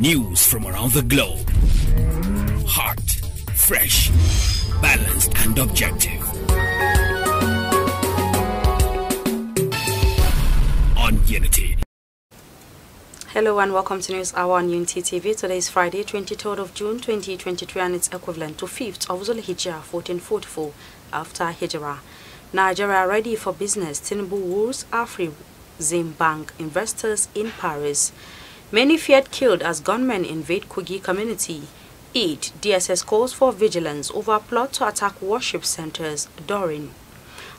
News from around the globe. Hot, fresh, balanced, and objective. On Unity. Hello and welcome to News Hour on Unity TV. Today is Friday, 23rd of June 2023, and it's equivalent to 5th of Zulhijjah 1444 after Hijrah. Nigeria ready for business. Tinubu rules Afri Zimbank investors in Paris. Many feared killed as gunmen invade Kogi community. 8. DSS calls for vigilance over plot to attack worship centers during.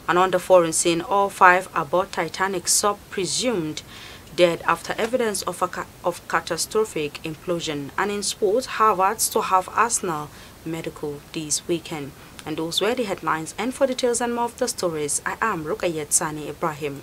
And on the foreign scene, all five aboard Titanic sub presumed dead after evidence of, a ca of catastrophic implosion. And in sports, Harvard's to have Arsenal medical this weekend. And those were the headlines. And for details and more of the stories, I am Rukayet Sani Ibrahim.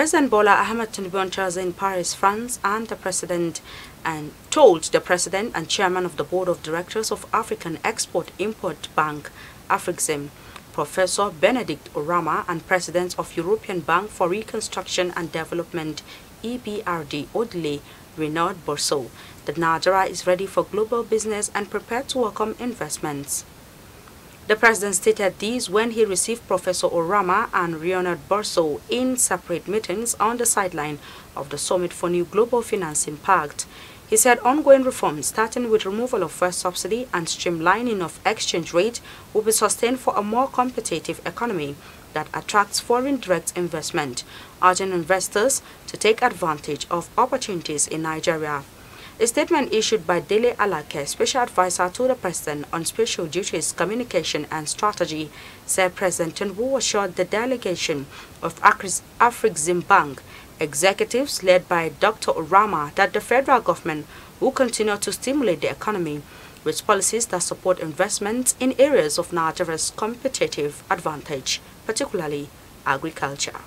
President Bola Ahmed Tinubu was in Paris, France, and the president and told the president and chairman of the board of directors of African Export Import Bank, Afrixim, Professor Benedict Orama, and president of European Bank for Reconstruction and Development, EBRD, Odile Renaud Bourseau, that Nigeria is ready for global business and prepared to welcome investments. The president stated this when he received Professor Orama and Leonard Burso in separate meetings on the sideline of the Summit for New Global Financing Pact. He said ongoing reforms, starting with removal of first subsidy and streamlining of exchange rate, will be sustained for a more competitive economy that attracts foreign direct investment, urging investors to take advantage of opportunities in Nigeria. A statement issued by Dele Alake, Special Advisor to the President on Special Duties, Communication and Strategy, said President Tinubu assured the delegation of Afrexim Bank executives led by Dr. Orama that the federal government will continue to stimulate the economy with policies that support investments in areas of Nigeria's competitive advantage, particularly agriculture.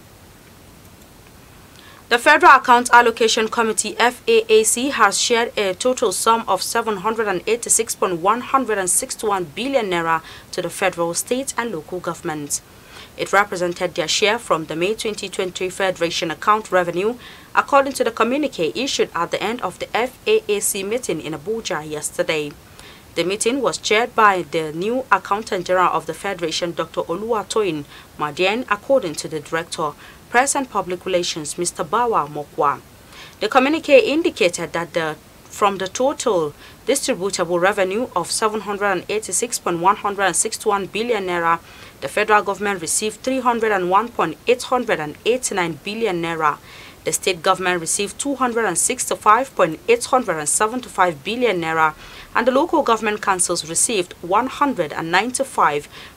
The Federal Account Allocation Committee FAAC has shared a total sum of 786.161 billion naira to the federal, state and local governments. It represented their share from the May 2020 Federation account revenue, according to the communique issued at the end of the FAAC meeting in Abuja yesterday. The meeting was chaired by the new Accountant General of the Federation, Dr. Oluwatoyin Madian, according to the director, Press and Public Relations, Mr. Bawa Mokwa. The communique indicated that the from the total distributable revenue of 786.161 billion naira, the federal government received 301.889 billion naira. The state government received 265.875 billion naira, and the local government councils received 195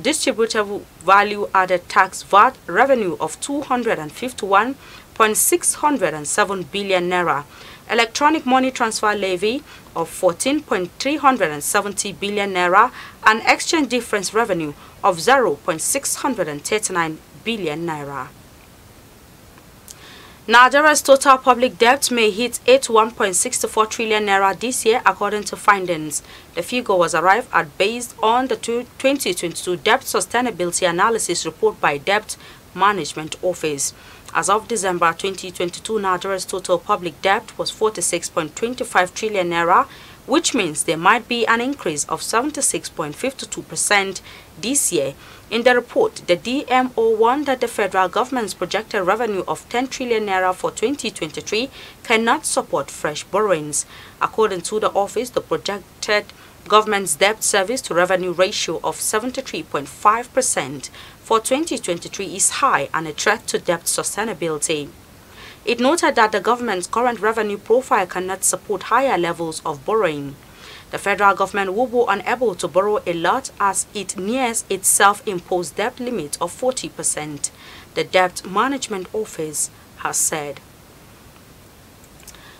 distributable value added tax VAT revenue of 251.607 billion naira, electronic money transfer levy of 14.370 billion naira, and exchange difference revenue of 0.639 billion naira. Nigeria's total public debt may hit 81.64 trillion naira this year, according to findings. The figure was arrived at based on the 2022 Debt Sustainability Analysis Report by Debt Management Office. As of December 2022, Nigeria's total public debt was 46.25 trillion naira, which means there might be an increase of 76.52% this year. In the report, the DMO warned that the federal government's projected revenue of 10 trillion naira for 2023 cannot support fresh borrowings. According to the office, the projected government's debt service to revenue ratio of 73.5% for 2023 is high and a threat to debt sustainability. It noted that the government's current revenue profile cannot support higher levels of borrowing. The federal government will be unable to borrow a lot as it nears its self-imposed debt limit of 40%, the Debt Management Office has said.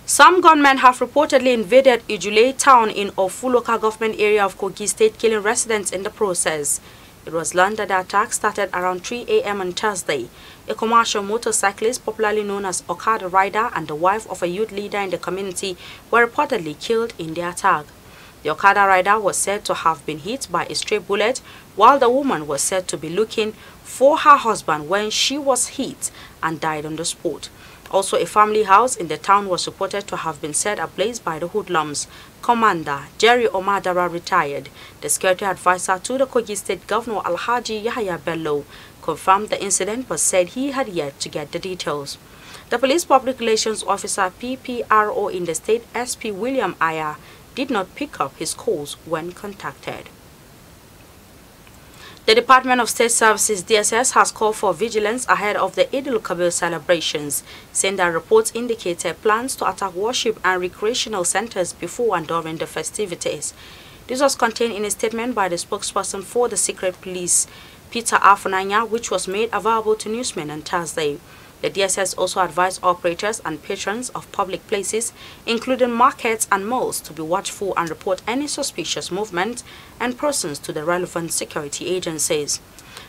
Some gunmen have reportedly invaded Ijule town in Ofu local government area of Kogi state, killing residents in the process. It was learned that the attack started around 3 a.m. on Thursday. A commercial motorcyclist, popularly known as Okada Rider, and the wife of a youth leader in the community were reportedly killed in the attack. The Okada rider was said to have been hit by a stray bullet, while the woman was said to be looking for her husband when she was hit and died on the spot. Also, a family house in the town was reported to have been set ablaze by the hoodlums. Commander Jerry Omadara retired. The security advisor to the Kogi State Governor Alhaji Yahya Bello confirmed the incident but said he had yet to get the details. The police public relations officer PPRO in the state SP William Ayer did not pick up his calls when contacted. The Department of State Services DSS has called for vigilance ahead of the Idil kabir celebrations, saying that reports indicated plans to attack worship and recreational centers before and during the festivities. This was contained in a statement by the spokesperson for the secret police, Peter Afunanya, which was made available to newsmen on Thursday. The DSS also advised operators and patrons of public places, including markets and malls, to be watchful and report any suspicious movement and persons to the relevant security agencies.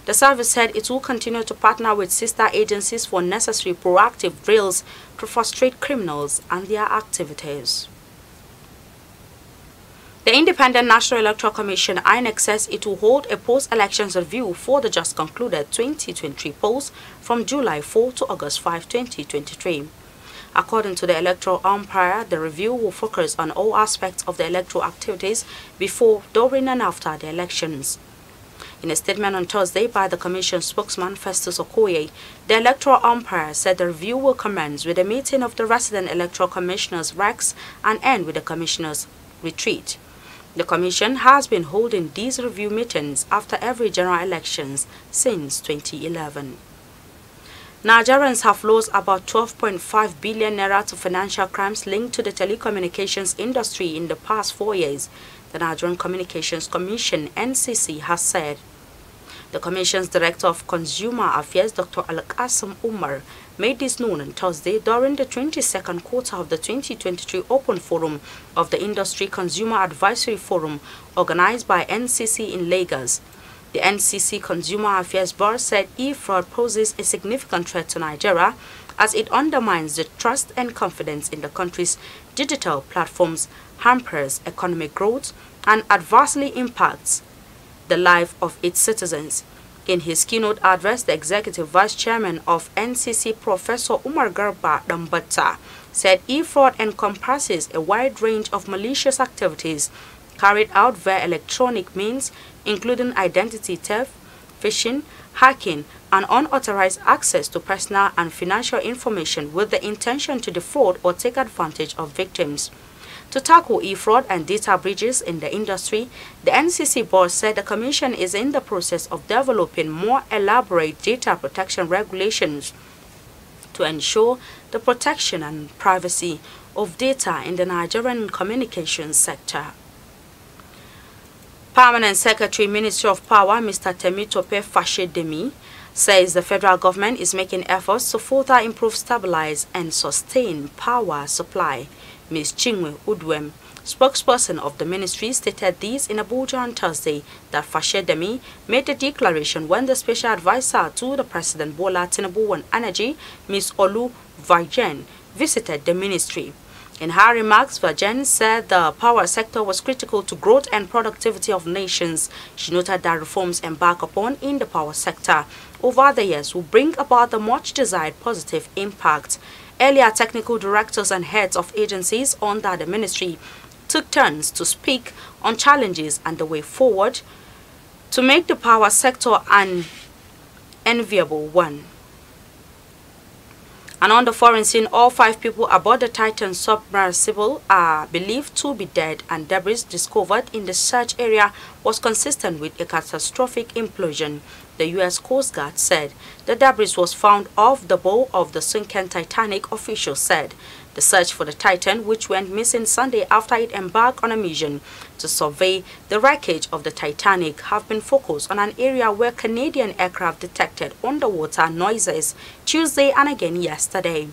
The service said it will continue to partner with sister agencies for necessary proactive drills to frustrate criminals and their activities. The Independent National Electoral Commission, INEC, says it will hold a post-elections review for the just concluded 2023 polls from July 4 to August 5, 2023. According to the electoral umpire, the review will focus on all aspects of the electoral activities before, during and after the elections. In a statement on Thursday by the Commission spokesman Festus Okoye, the electoral umpire said the review will commence with a meeting of the resident electoral commissioners' ranks and end with the commissioners' retreat. The Commission has been holding these review meetings after every general elections since 2011. Nigerians have lost about 12.5 billion naira to financial crimes linked to the telecommunications industry in the past four years, the Nigerian Communications Commission NCC has said. The Commission's Director of Consumer Affairs, Dr. Al-Qasim Umar, made this known on Thursday during the 22nd quarter of the 2023 Open Forum of the Industry Consumer Advisory Forum organized by NCC in Lagos. The NCC Consumer Affairs Board said e-fraud poses a significant threat to Nigeria as it undermines the trust and confidence in the country's digital platforms, hampers economic growth, and adversely impacts the life of its citizens. In his keynote address, the executive vice chairman of NCC, Professor Umar Garba Dambata, said e-fraud encompasses a wide range of malicious activities carried out via electronic means, including identity theft, phishing, hacking, and unauthorized access to personal and financial information with the intention to defraud or take advantage of victims to tackle e-fraud and data breaches in the industry, the NCC board said the Commission is in the process of developing more elaborate data protection regulations to ensure the protection and privacy of data in the Nigerian communications sector. Permanent Secretary Ministry of Power Mr. Temitope Fashedemi says the federal government is making efforts to further improve, stabilize and sustain power supply. Ms. Chingwe Udwem, spokesperson of the ministry, stated this in Abuja on Thursday that Fashedemi made the declaration when the special advisor to the President Bola Tinubu on Energy, Ms. Olu Vajen, visited the ministry. In her remarks, Vajen said the power sector was critical to growth and productivity of nations. She noted that reforms embarked upon in the power sector over the years will bring about the much-desired positive impact. Earlier, technical directors and heads of agencies under the ministry took turns to speak on challenges and the way forward to make the power sector an enviable one. And on the foreign scene, all five people aboard the Titan submersible are believed to be dead and debris discovered in the search area was consistent with a catastrophic implosion. The U.S. Coast Guard said the debris was found off the bow of the sunken Titanic, officials said. The search for the Titan, which went missing Sunday after it embarked on a mission to survey the wreckage of the Titanic, have been focused on an area where Canadian aircraft detected underwater noises Tuesday and again yesterday.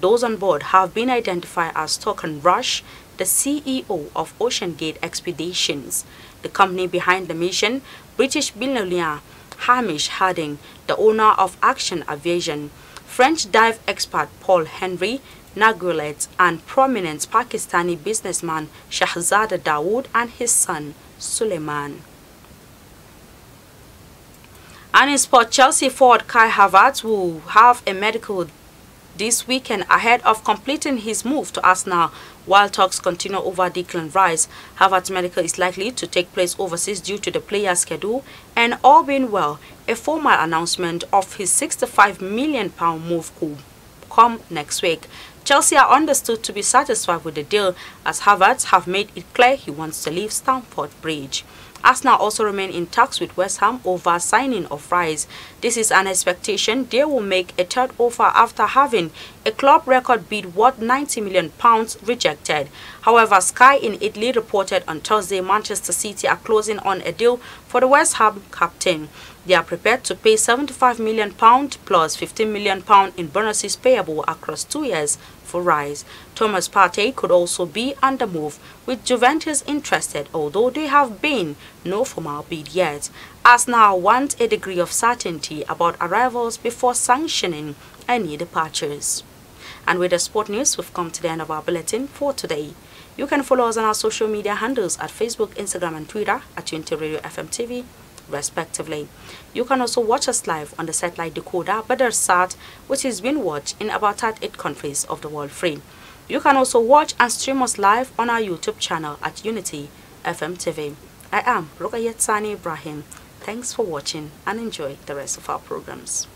Those on board have been identified as Token Rush, the CEO of OceanGate Expeditions. The company behind the mission, British billionaire Hamish Harding, the owner of Action Aviation, French dive expert Paul Henry Nagulet, and prominent Pakistani businessman Shahzada Dawood and his son Suleiman. And in sport, Chelsea forward Kai Havertz will have a medical this weekend ahead of completing his move to Arsenal. While talks continue over Declan Rice, Harvard's Medical is likely to take place overseas due to the player's schedule and all being well, a formal announcement of his £65 million move could come next week. Chelsea are understood to be satisfied with the deal as Harvards have made it clear he wants to leave Stamford Bridge. Arsenal also remain in talks with West Ham over signing of Rice. This is an expectation they will make a third offer after having a club record bid worth £90 million rejected. However, Sky in Italy reported on Thursday Manchester City are closing on a deal for the West Ham captain. They are prepared to pay £75 million plus £15 million in bonuses payable across two years for Rice. Thomas Partey could also be under move, with Juventus interested, although they have been no formal bid yet. Arsenal want a degree of certainty about arrivals before sanctioning any departures. And with the sport news, we've come to the end of our bulletin for today. You can follow us on our social media handles at Facebook, Instagram and Twitter at Unity Radio FM TV respectively. You can also watch us live on the satellite decoder Badarsat, which is being watched in about 38 countries of the world free. You can also watch and stream us live on our YouTube channel at Unity FM TV. I am Rukayet Sani Ibrahim. Thanks for watching and enjoy the rest of our programs.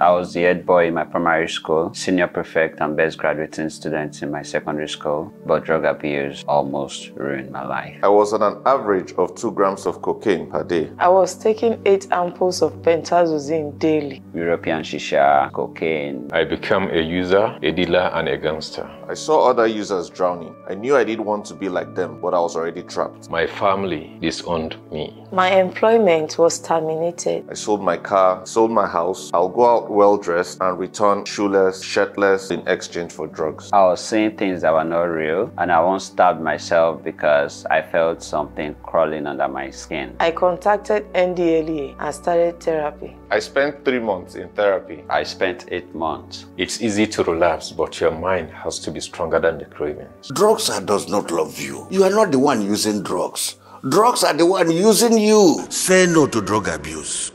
I was the head boy in my primary school, senior prefect and best graduating student in my secondary school, but drug abuse almost ruined my life. I was on an average of 2 grams of cocaine per day. I was taking 8 ampoules of pentazosine daily. European shisha, cocaine. I became a user, a dealer and a gangster. I saw other users drowning. I knew I didn't want to be like them, but I was already trapped. My family disowned me. My employment was terminated. I sold my car, sold my house. I'll go out well-dressed and return shoeless, shirtless in exchange for drugs. I was seeing things that were not real and I once stabbed myself because I felt something crawling under my skin. I contacted NDLEA and started therapy. I spent three months in therapy. I spent eight months. It's easy to relapse, but your mind has to be stronger than the cravings. Drugs does not love you. You are not the one using drugs. Drugs are the one using you. Say no to drug abuse.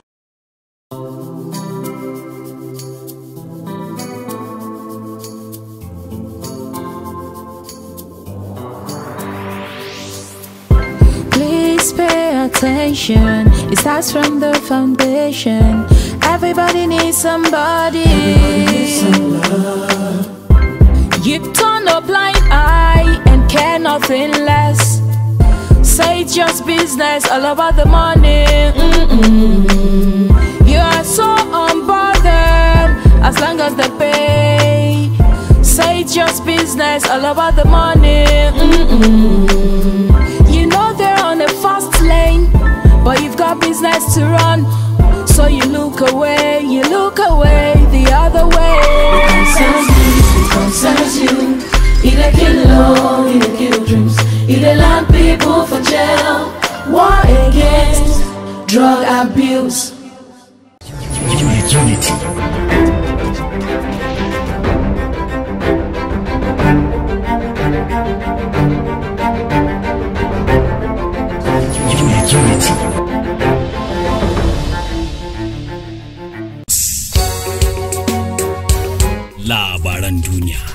Please pay attention. It starts from the foundation. Everybody needs somebody. Everybody needs some you turn a blind eye and care nothing less. Say it's just business, all about the money. Mm -mm. You are so unbothered as long as they pay. Say it's just business, all about the money. Mm you know they're on a fast lane, but you've got business to run. So you look away, you look away the other way. It concerns you, it concerns you. It a kill love, it a kill dreams. You the land people for jail, war against drug abuse. unity. unity. Labaran Dunia.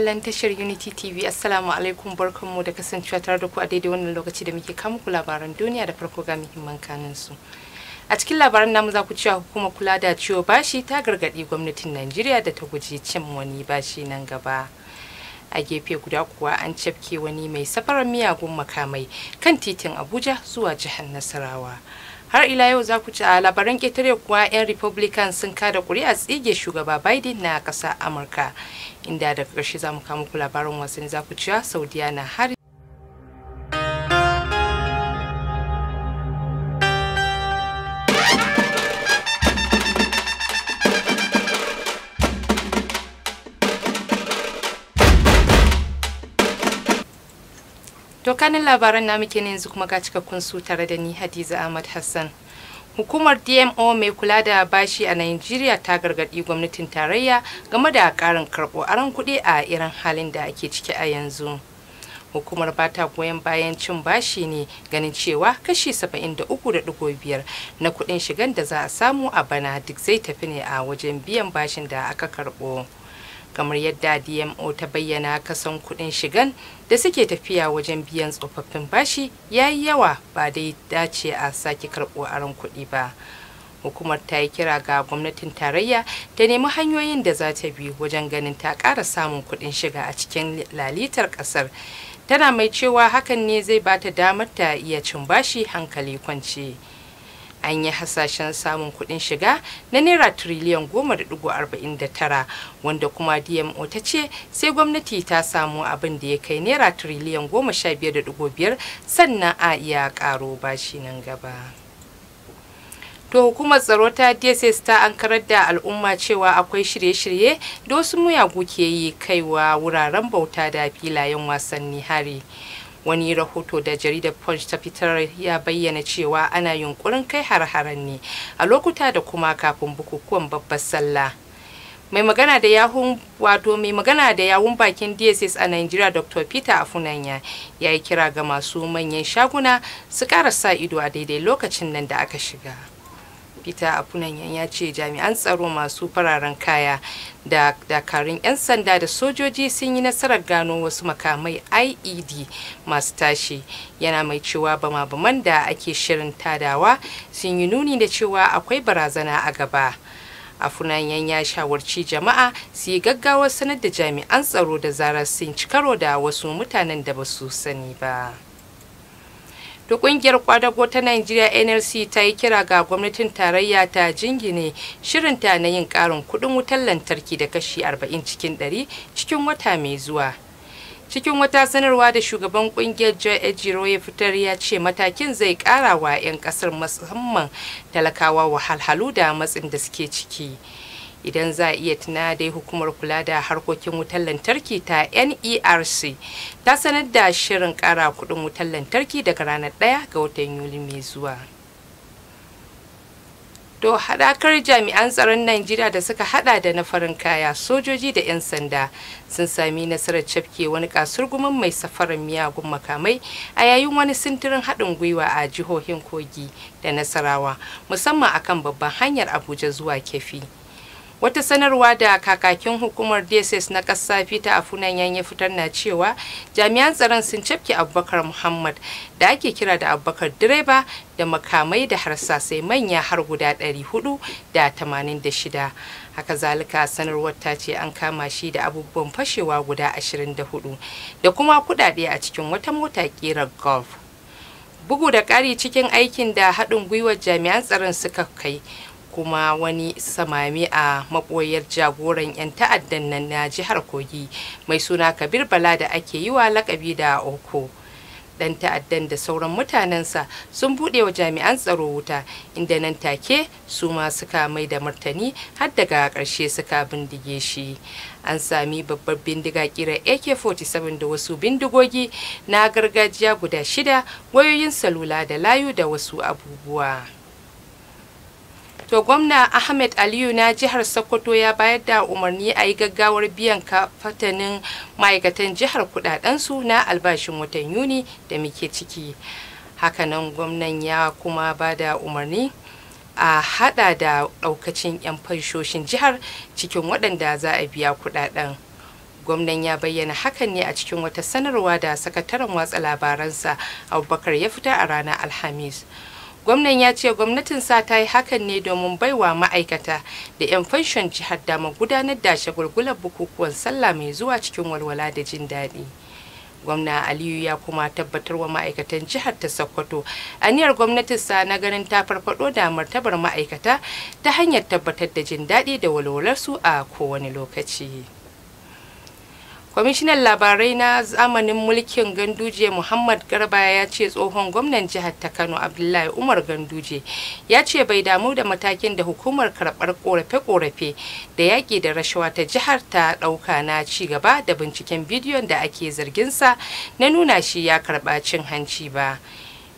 kallon tashar Unity TV Assalamu alaikum barkanmu da kasancewa tare da ku a daidai wannan lokaci da muke kama ku labaran duniya da farko ga muhimman kanin su. A cikin labaran namu za ku cewa hukumar kula da ciwo bashi ta gargaɗi gwamnatin Najeriya da ta guji cin wani bashi nan gaba. A gefe guda kuwa an cafke wani mai safarar miyagun makamai kan titin Abuja zuwa jihar Nasarawa. har ila yau za ku ci a labaran ƙetare kuwa 'yan republican sun kada a tsige shugaba biden na ƙasa amurka inda da ƙarshe za mu kama ku labarin wasanni za ku a saudiya na hari tsakanin labaran namu kenan yanzu kuma ga cikakkun su tare da ni Hadiza Ahmad Hassan. Hukumar DMO mai kula da bashi a Najeriya ta gargaɗi gwamnatin tarayya game da ƙarin karɓo aron kuɗi a irin halin da ake ciki a yanzu. hukumar ba ta goyon bayan cin bashi ne ganin cewa kashi 73.5 na kuɗin shigan da za a samu a bana duk zai tafi ne a wajen biyan bashin da aka karɓo. kamar yadda dmo ta bayyana kasan kudin shigan da suke tafiya wajen biyan tsofaffin bashi ya yi yawa ba dai dace a sake karɓo aron kudi ba hukumar ta yi kira ga gwamnatin tarayya ta nemi hanyoyin da za ta bi wajen ganin ta ƙara samun kudin shiga a cikin lalitar kasar tana mai cewa hakan ne zai ba ta damar ta iya cin bashi hankali kwance. an yi hasashen samun kudin shiga na naira tiriliyan 10.49 wanda kuma dmo ta ce sai gwamnati ta samu abin da ya kai naira tiriliyan 15.5 sannan a iya karo bashi nan gaba. to hukumar tsaro ta dss ta ankarar da al'umma cewa akwai shirye-shirye da wasu muyagu ke yi kaiwa wuraren bauta da filayen wasanni hari wani rahoto da jaridar punch ta fitar ya bayyana cewa ana yunkurin kai har-haren ne a lokuta da kuma kafin bukukuwan babbar sallah mai magana da yahun wato mai magana da yawun bakin dss a nigeria dr peter afunanya ya yi kira ga masu manyan shaguna su ƙara sa ido a daidai lokacin nan da aka shiga peter apunanyan ya ce jami'an tsaro masu fararen kaya da dakarun 'yan sanda da sojoji sun yi nasarar gano wasu makamai ied masu tashi yana mai cewa bama-baman da ake shirin tadawa sun yi nuni da cewa akwai barazana a gaba yan ya shawarci jama'a su yi gaggawar sanar da jami'an tsaro da zarar sun ci da wasu mutanen da ba su sani ba. da kungiyar kwadago ta nigeria NLC ta yi kira ga gwamnatin tarayya ta jingine shirin ta na yin karin kudin wutar lantarki da kashi 40 cikin 100 cikin wata mai zuwa. cikin wata sanarwa da shugaban kungiyar joy ejiro ya fitar ya ce matakin zai kara wa 'yan kasar musamman talakawa wahalhalu da matsin da suke ciki. idan za a iya tuna dai hukumar kula da harkokin wutar lantarki ta nerc ta sanar da shirin kara kudin wutar lantarki daga ranar 1 ga watan yuli mai zuwa To hadakar jami'an tsaron Najeriya da suka hada da na farin kaya, sojoji da 'yan sanda sun sami nasarar cafke wani kasurgumin mai safarar miyagun makamai a yayin wani sintirin haɗin gwiwa a jihohin Kogi da Nasarawa, musamman akan babban hanyar Abuja zuwa Kefi. wata sanarwa da kakakin hukumar dss na ƙasa peter afunan ya fitar na cewa jami'an tsaron sun cafke abubakar muhammad da ake kira da abubakar direba da makamai da harsasai manya har guda 486 haka zalika sanarwar ta ce an kama shi da abubuwan fashewa guda 24 da kuma kudade a cikin wata mota ƙirar golf bugu da ƙari cikin aikin da haɗin gwiwar jami'an tsaron suka kai kuma wani samami a maboyar jagoran 'yan ta'addan nan na jihar kogi mai suna kabir bala da ake yi wa lakabi da oko dan ta'addan da sauran mutanensa sun buɗe wa jami'an tsaro wuta inda nan take su ma suka mai da martani har daga ƙarshe suka bindige shi an sami babbar bindiga kira ak-47 da wasu bindigogi na gargajiya guda shida wayoyin salula da layu da wasu abubuwa to gwamna ahmed aliyu na jihar sokoto ya bayar da umarni a yi gaggawar biyan kafatanin ma'aikatan jihar kudadensu na albashin watan yuni da muke ciki hakanan gwamnan ya kuma ba da umarni a hada da daukacin 'yan fanshoshin jihar cikin waɗanda za a biya kudaden gwamnan ya bayyana hakan ne a cikin wata sanarwa da sakataren watsa labaransa abubakar ya fita a ranar alhamis gwamnan ya ce gwamnatin sa ta yi hakan ne domin baiwa ma'aikata da 'yan fanshon jihar damar gudanar da shagulgular bukukuwan sallah mai zuwa cikin walwala da jin daɗi gwamna aliyu ya kuma tabbatar wa ma'aikatan jihar ta sokoto aniyar gwamnatin sa na ganin ta farfaɗo da martabar ma'aikata ta hanyar tabbatar da jin daɗi da su a kowane lokaci kwamishinan labarai na zamanin mulkin ganduje muhammad garba ya ce tsohon gwamnan jihar ta kano abdullahi umar ganduje ya ce bai damu da matakin da hukumar karɓar korafe-korafe da yaƙi da rashawa ta jihar ta ɗauka na ci gaba da binciken bidiyon da ake zarginsa na nuna shi ya karɓa cin hanci ba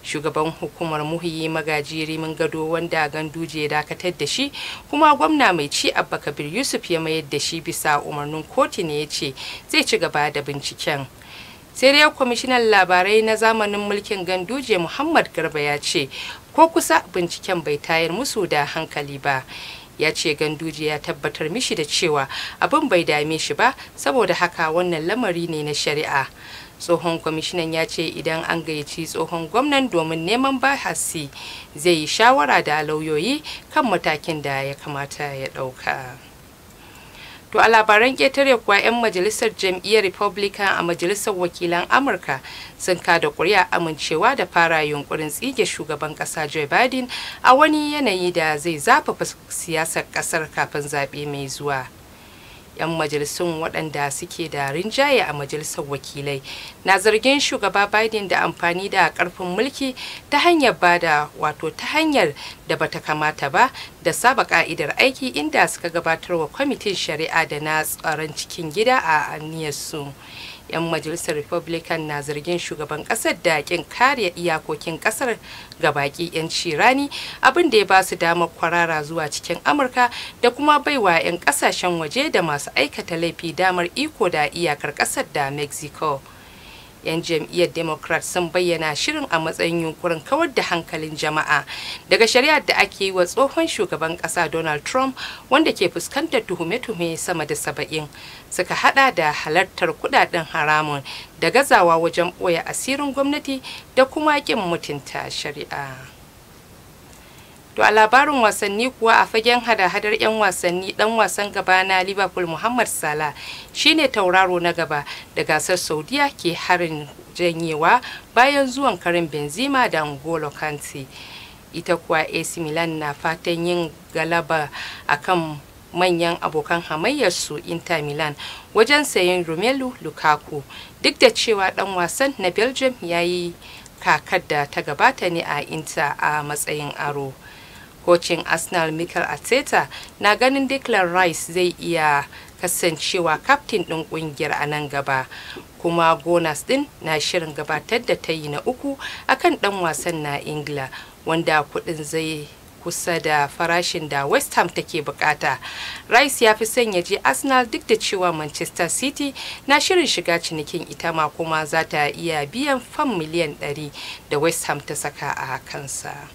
shugaban hukumar muhiyi magaji rimin gado wanda ganduje ya dakatar da shi kuma gwamna mai ci abba kabir yusuf ya mayar da shi bisa umarnin kotu ne ya ce zai ci gaba da binciken sai dai kwamishinan labarai na zamanin mulkin ganduje muhammad garba ya ce ko kusa binciken bai tayar musu da hankali ba ya ce ganduje ya tabbatar mishi da cewa abin bai dame shi ba saboda haka wannan lamari ne na shari'a tsohon kwamishinan ya ce idan an gayyaci tsohon gwamnan domin neman bahasi zai yi shawara da lauyoyi kan matakin da ya kamata ya ɗauka. To a labaran ƙetare kuwa 'yan majalisar jam'iyyar Republican a majalisar wakilan Amurka sun kada ƙuri'a amincewa da fara yunkurin tsige shugaban ƙasa Joe Biden a wani yanayi da zai zafafa siyasar ƙasar kafin zaɓe mai zuwa. 'yan majalisun waɗanda suke da rinjaye a majalisar wakilai na zargin shugaba biden da amfani da ƙarfin mulki ta hanyar bada wato ta hanyar da bata kamata ba da saba ka'idar aiki inda suka gabatarwa kwamitin shari'a da na tsaron cikin gida a aniyarsu. su 'yan majalisar republican na zargin shugaban kasar da kin kare iyakokin kasar ga baki 'yan rani abin da ya ba su damar kwarara zuwa cikin amurka da kuma baiwa 'yan kasashen waje da masu aikata laifi damar iko da iyakar kasar da mexico 'yan jam'iyyar democrat sun bayyana shirin a matsayin yunkurin kawar da hankalin jama'a daga shari'ar da ake yi wa tsohon shugaban kasa donald trump wanda ke fuskantar tuhume-tuhume sama da saba'in suka hada da halartar kudaden haramun da gazawa wajen ɓoye asirin gwamnati da kuma ƙin mutunta shari'a To a labarin wasanni kuwa a fagen hada-hadar 'yan wasanni dan wasan gaba na Liverpool Muhammad Salah shine tauraro na gaba da gasar Saudiya ke harin janyewa bayan zuwan karin Benzema da N'Golo Kante. Ita kuwa AC Milan na fatan yin galaba akan manyan abokan hamayyarsu Inter Milan wajen sayen Romelu Lukaku duk da cewa dan wasan na Belgium ya yi kakar da ta gabata ne a Inter a matsayin aro. kocin arsenal michael arteta na ganin declan rice zai iya kasancewa kaftin ɗin ƙungiyar a nan gaba kuma gonas din na shirin gabatar da tayi na uku akan ɗan wasan na ingila wanda kuɗin zai kusa da farashin da West Ham take bukata. Rice ya fi son ya je Arsenal duk da cewa Manchester City na shirin shiga cinikin ita ma kuma za ta iya biyan fam miliyan 100 da West Ham ta saka a kansa.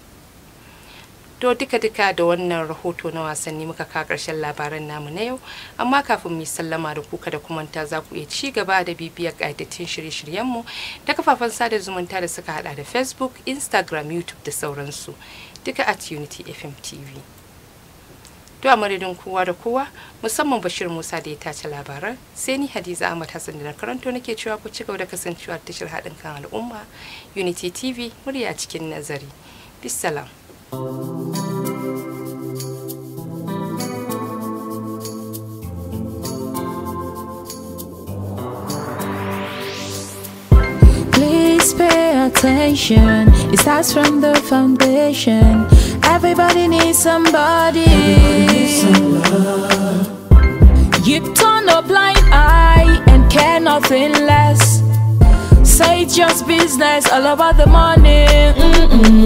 To duka-duka da wannan rahoto na wasanni muka ka karshen labaran namu na yau, amma kafin mu sallama da kuka da kumanta za ku iya ci gaba da bibiyar ƙaitattun shirye-shiryenmu ta kafafen sada zumunta da suka hada da Facebook, Instagram, YouTube da sauransu. Duka at Unity FM TV. To a madadin kowa da kowa musamman Bashir Musa da ya tace labaran sai ni Hadiza Ahmad Hassan da na karanto nake cewa ku ci gaba da kasancewa tashar haɗin kan al'umma Unity TV murya cikin nazari. Bisalam. Please pay attention, it starts from the foundation. Everybody needs somebody. Everybody needs you turn a blind eye and care nothing less. Say it's just business all about the money. Mm -mm.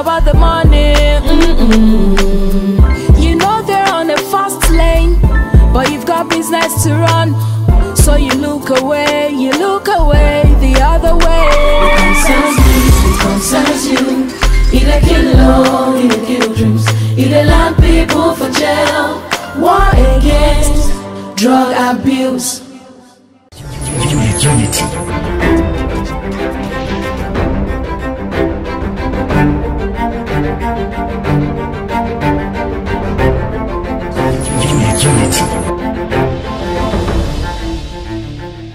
about the money.